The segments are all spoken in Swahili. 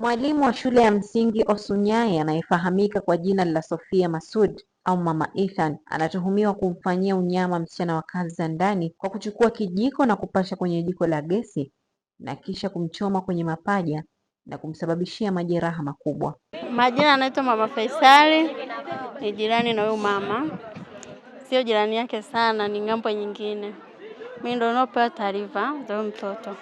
Mwalimu wa shule ya msingi Osunyai anayefahamika kwa jina la Sofia masud au Mama Ethan anatuhumiwa kumfanyia unyama msichana wa kazi za ndani kwa kuchukua kijiko na kupasha kwenye jiko la gesi na kisha kumchoma kwenye mapaja na kumsababishia majeraha makubwa. Majina anaitwa Mama Faisali, ni jirani na huyu mama, sio jirani yake sana, ni ng'ambo nyingine. Mimi ndio ninaopewa taarifa za huyu mtoto.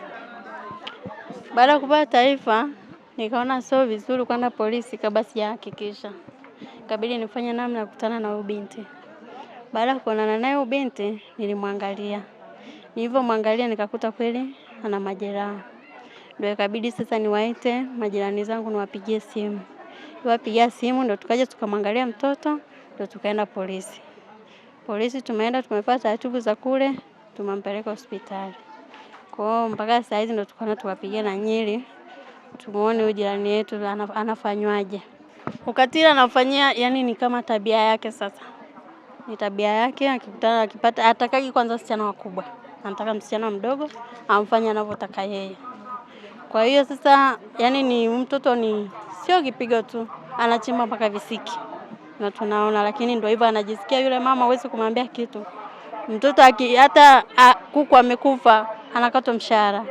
Baada ya kupewa taarifa Nikaona sio vizuri kwenda polisi kabla sijahakikisha, Kabidi nifanye namna ya kukutana na ubinti. Baada ya kuonana naye ubinti, binti, nilimwangalia. Nilivyomwangalia nikakuta kweli ana majeraha, ndio ikabidi sasa niwaite majirani zangu niwapigie simu. Niwapigia simu ndio tukaja tukamwangalia mtoto, ndio tukaenda polisi. Polisi tumeenda tumepata taratibu za kule, tumampeleka hospitali. kwao, mpaka saa hizi ndio tukaona tuwapigie na nyili tumuone huyu jirani yetu anafanywaje. Ukatili anafanyia yani ni kama tabia yake sasa, ni tabia yake. Akikutana akipata, atakaji kwanza msichana wakubwa, anataka msichana mdogo amfanye anavyotaka yeye. Kwa hiyo sasa, yani ni mtoto ni sio kipigo tu, anachimba mpaka visiki na tunaona, lakini ndio hivyo anajisikia yule mama, huwezi kumwambia kitu mtoto hata kuku amekufa anakatwa mshahara,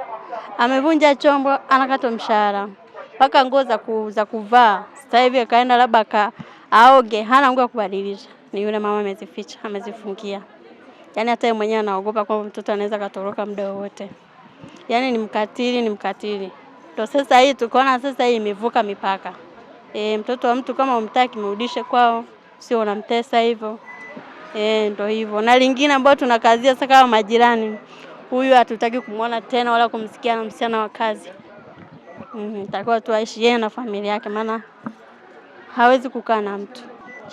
amevunja chombo anakatwa mshahara, mpaka nguo za za kuvaa sasa hivi akaenda labda ka aoge, hana nguo ya kubadilisha, ni yule mama amezificha, amezifungia. Yaani hata yeye mwenyewe anaogopa kwamba mtoto anaweza katoroka muda wowote. Yaani ni mkatili, ni mkatili. Ndio sasa hii tukaona sasa hii imevuka mipaka. E, mtoto wa mtu kama umtaki mrudishe kwao, sio unamtesa hivyo. Eh, ndio hivyo. Na lingine ambayo tunakazia sasa kama majirani, huyu hatutaki kumwona tena wala kumsikia na msichana wa kazi. Mm, takiwa tu aishi yeye na familia yake, maana hawezi kukaa na mtu.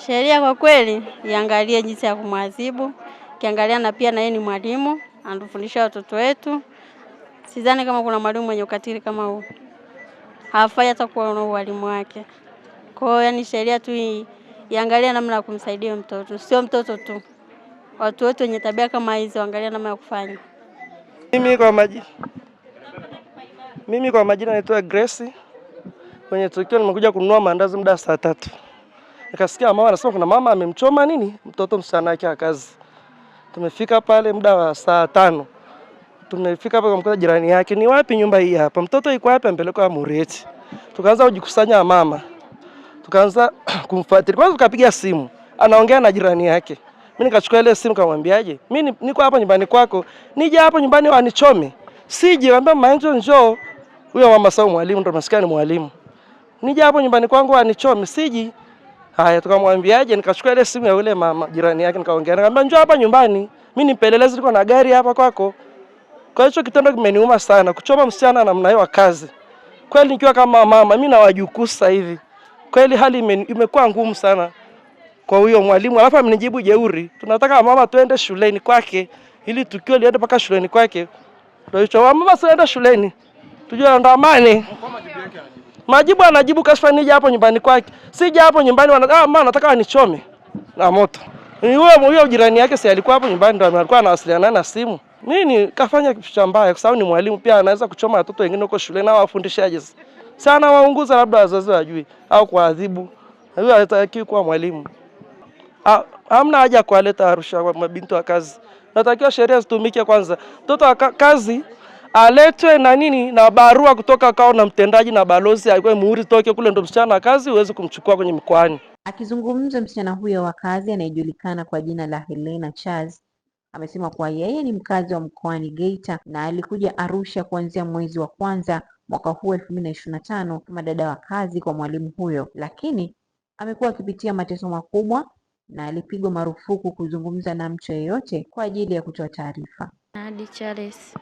Sheria kwa kweli iangalie jinsi ya kumwadhibu, kiangalia na pia na yeye ni mwalimu, anatufundisha watoto wetu. Sidhani kama kuna mwalimu mwenye ukatili kama huu, hafai hata kuwa na ualimu wake. Kwa hiyo yani, sheria tu iangalie namna ya kumsaidia mtoto, sio mtoto tu, watu wote wenye tabia kama hizo, angalia namna ya kufanya mimi kwa majina, mimi kwa majina naitwa Grace. Kwenye tukio nimekuja kununua maandazi muda saa tatu, nikasikia mama anasema kuna mama amemchoma nini mtoto msichana wake wa kazi. Tumefika pale muda wa saa tano, tumefika hapa kumkuta jirani yake, ni wapi nyumba hii hapa, mtoto yuko wapi, ampelekwa Mureti. Tukaanza kujikusanya mama, tukaanza kumfuatilia kwanza, tukapiga simu, anaongea na jirani yake mimi nikachukua ile simu kamwambiaje? Mimi niko hapa nyumbani kwako. Nije hapo nyumbani wanichome. Sije niambia mama yangu njoo. Huyo mama Sau mwalimu ndo nasikia ni mwalimu. Nije hapo nyumbani kwangu wanichome. Siji. Haya tukamwambiaje? Nikachukua ile simu ya yule mama jirani yake nikaongea. Nikamwambia njoo hapa nyumbani. Mimi ni mpelelezi niko na gari hapa kwako. Kwa hiyo kitendo kimeniuma sana kuchoma msichana namna hiyo wa kazi. Kweli nikiwa kama mama mimi na wajukuu sasa hivi. Kweli hali imekuwa ngumu sana kwa huyo mwalimu, alafu amenijibu jeuri, tunataka mama tuende shuleni kwake, ili tukio liende mpaka shuleni kwake. Ndio mama sienda shuleni, tujue andamane. Majibu anajibu kashfa, nije hapo nyumbani kwake, sija hapo nyumbani wana, ah, mama nataka anichome na moto. Ni Huyo huyo jirani yake si alikuwa hapo nyumbani, ndio alikuwa anawasiliana na simu. Nini kafanya kitu cha mbaya, kwa sababu ni mwalimu pia, anaweza kuchoma watoto wengine huko shule na wafundishaje sana waunguza, labda wazazi wajui au kuadhibu. Huyo hatakiwi kuwa mwalimu. Ah, hamna haja kuwaleta Arusha mabinti wa kazi. Natakiwa sheria zitumike kwanza, mtoto wa kazi aletwe na nini na barua kutoka kao na mtendaji na balozi, alikuwa muhuri toke kule, ndo msichana wa kazi uweze kumchukua kwenye mkoani. Akizungumza, msichana huyo wa kazi anayejulikana kwa jina la Helena Charles amesema kuwa yeye ni mkazi wa mkoani Geita na alikuja Arusha kuanzia mwezi wa kwanza mwaka huu elfu mbili na ishirini na tano kama dada wa kazi kwa mwalimu huyo, lakini amekuwa akipitia mateso makubwa na alipigwa marufuku kuzungumza na mtu yeyote kwa ajili ya kutoa taarifa. Hadi Charles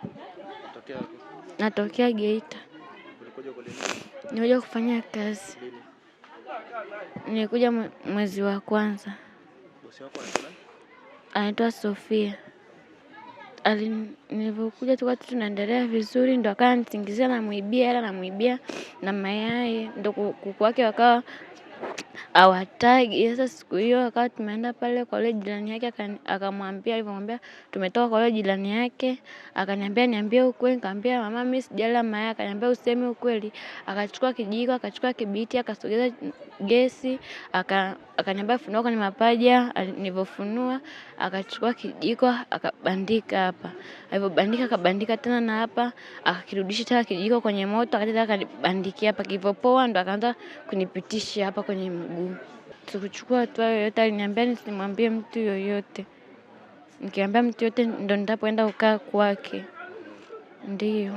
natokea Geita, nimekuja kufanya kazi, nilikuja mwezi wa kwanza. Anaitwa Sofia. Nilivyokuja tuka tunaendelea vizuri, ndo akawa nisingizia namwibia hela, namwibia na mayai, ndo kuku wake wakawa awatagi. Sasa siku hiyo akawa tumeenda pale kwa yule jirani yake, akamwambia alivyomwambia, tumetoka kwa yule jirani yake, akaniambia niambie ukweli. Nikamwambia mama, mimi sijala mayai. Akaniambia useme ukweli. Akachukua kijiko, akachukua kibiti, akasogeza gesi, akaniambia funua kwenye mapaja. Nilivyofunua akachukua kijiko akabandika hapa, alivyobandika akabandika tena na hapa, akakirudisha tena kijiko kwenye moto, akaja tena akanibandikia hapa. Kilivyopoa ndo akaanza kunipitisha hapa kwenye mguu. Sikuchukua hatua yoyote, aliniambia nisimwambie mtu yoyote, nikiambia mtu yoyote ndo nitapoenda kukaa kwake. Ndiyo,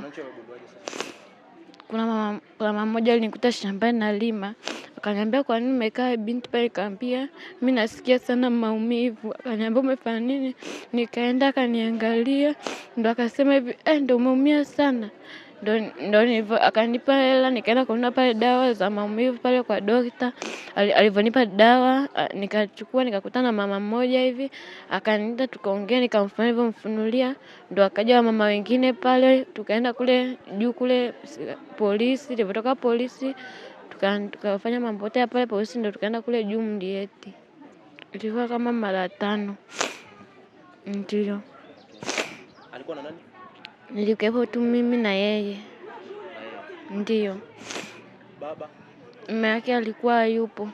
kuna mama mama mmoja alinikuta shambani lima akaniambia kwa nini umekaa binti pale? Kaambia mi nasikia sana maumivu. Akaniambia umefanya nini? Nikaenda akaniangalia, ndo akasema hivi, eh, ndo umeumia sana. Ndo nilivyo akanipa hela nikaenda kununua pale dawa za maumivu pale kwa dokta. Alivyonipa dawa nikachukua nikakutana na mama mmoja hivi akaniita tukaongea nikamfunulia ndo akaja mama wengine pale tukaenda kule juu kule polisi tulivyotoka polisi tukafanya mambo yote ya pale polisi ndo tukaenda kule juu mdieti Ilikuwa kama mara tano. ndio Alikuwa na nani? Nilikuwepo tu mimi na yeye. Ndiyo. Baba? Mama yake alikuwa yupo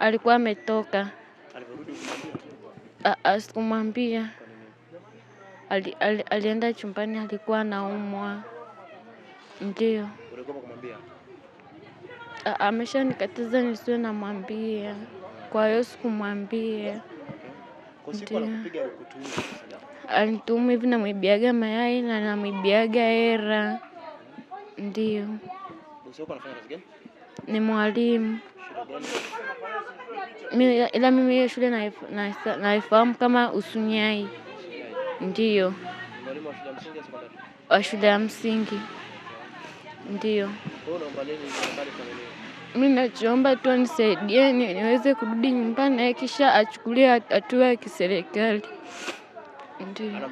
Alikuwa ametoka. Sikumwambia. Alienda chumbani alikuwa anaumwa. Ndiyo. amesha nikatiza Ameshanikatiza nisiwe namwambia. Kwa hiyo sikumwambia. Kwa alinituhumu hivi namwibiaga mayai na namwibiaga hera. Ndio. Ni mwalimu ila mimi hiyo shule naifahamu na, na, kama Usunyai. Ndiyo, wa shule ya msingi. Ndiyo, mi nachoomba tu nisaidie niweze kurudi nyumbani, naye kisha achukulie hatua ya kiserikali. Interview